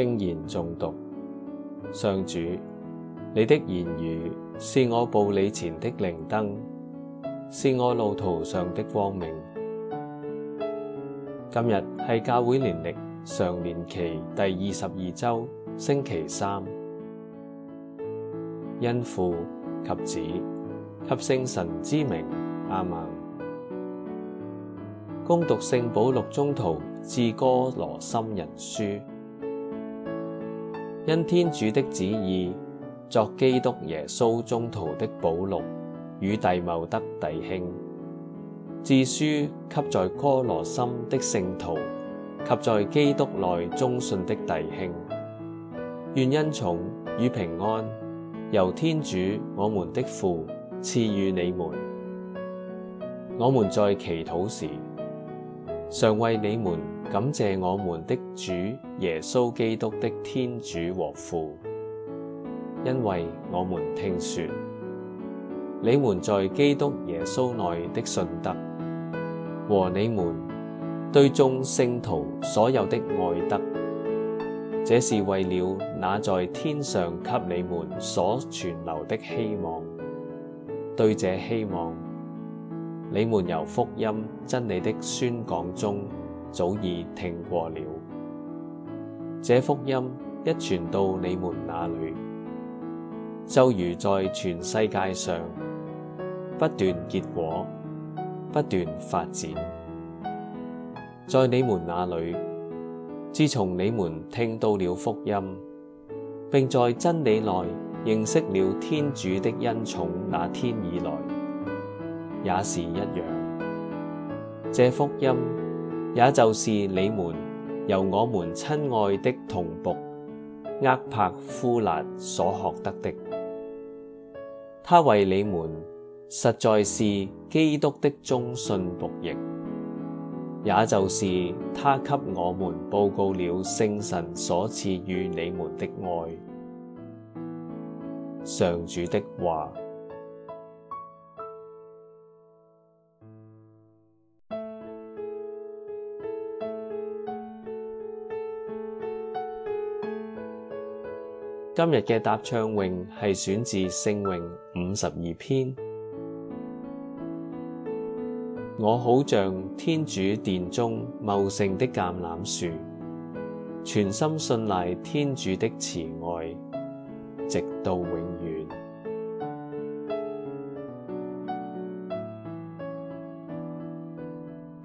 經言誦讀，上主，你的言語是我步履前的靈燈，是我路途上的光明。今日係教會年曆常年期第二十二周星期三，因父及子及聖神之名，阿門。恭讀聖保禄宗徒致哥羅森人書。因天主的旨意，作基督耶穌宗徒的保祿與弟茂德弟兄，致書給在哥羅森的聖徒及在基督內忠信的弟兄，願恩寵與平安由天主我們的父賜予你們。我們在祈禱時，常為你們。感謝我們的主耶穌基督的天主和父，因為我們聽說你們在基督耶穌內的信德和你們對眾聖徒所有的愛德，這是為了那在天上給你們所存留的希望。對這希望，你們由福音真理的宣講中。早已聽過了。這福音一傳到你們那裏，就如在全世界上不斷結果、不斷發展。在你們那裏，自從你們聽到了福音，並在真理內認識了天主的恩寵那天以來，也是一樣。這福音。也就是你們由我們親愛的同僕厄帕夫辣所學得的，他為你們實在是基督的忠信僕役，也就是他給我們報告了聖神所賜與你們的愛。上主的話。今日嘅答唱詠，係選自聖詠五十二篇。我好像天主殿中茂盛的橄欖樹，全心信賴天主的慈愛，直到永遠。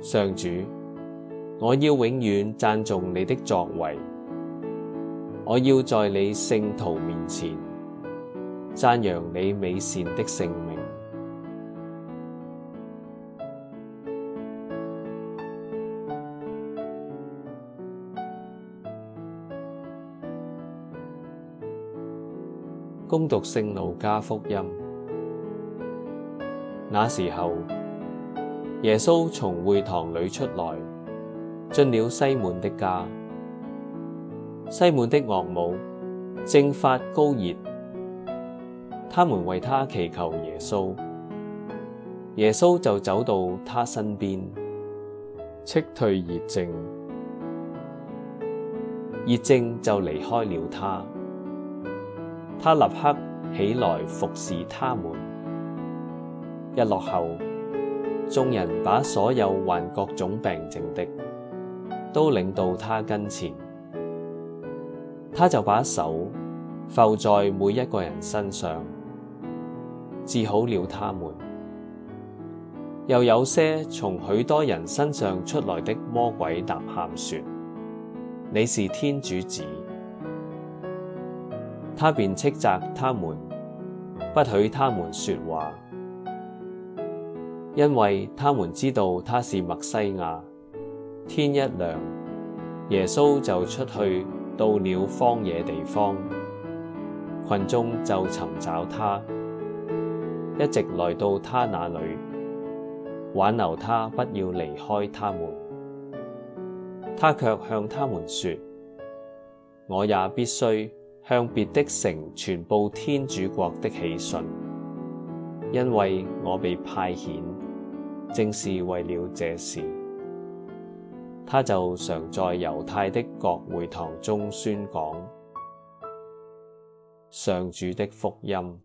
上主，我要永遠讚頌你的作為。我要在你聖徒面前，讚揚你美善的聖名。恭 讀聖路加福音。那時候耶穌從會堂裏出來，進了西滿的家。西門的岳母正發高熱，他們為他祈求耶穌，耶穌就走到他身邊，叱退熱症，熱症就離開了他，他立刻起來服侍他們。日落後，眾人把所有患各種病症的都領到他跟前。他就把手覆在每一個人身上，治好了他們。又有些從許多人身上出來的魔鬼吶喊說：你是天主子。他便斥責他們，不許他們說話，因為他們知道他是默西亞。天一亮，耶穌就出去。到了荒野地方，群眾就尋找他，一直來到他那裏，挽留他不要離開他們。他卻向他們說：我也必須向別的城傳報天主國的喜訊，因為我被派遣，正是為了這事。他就常在猶太的各會堂中宣講，上主的福音。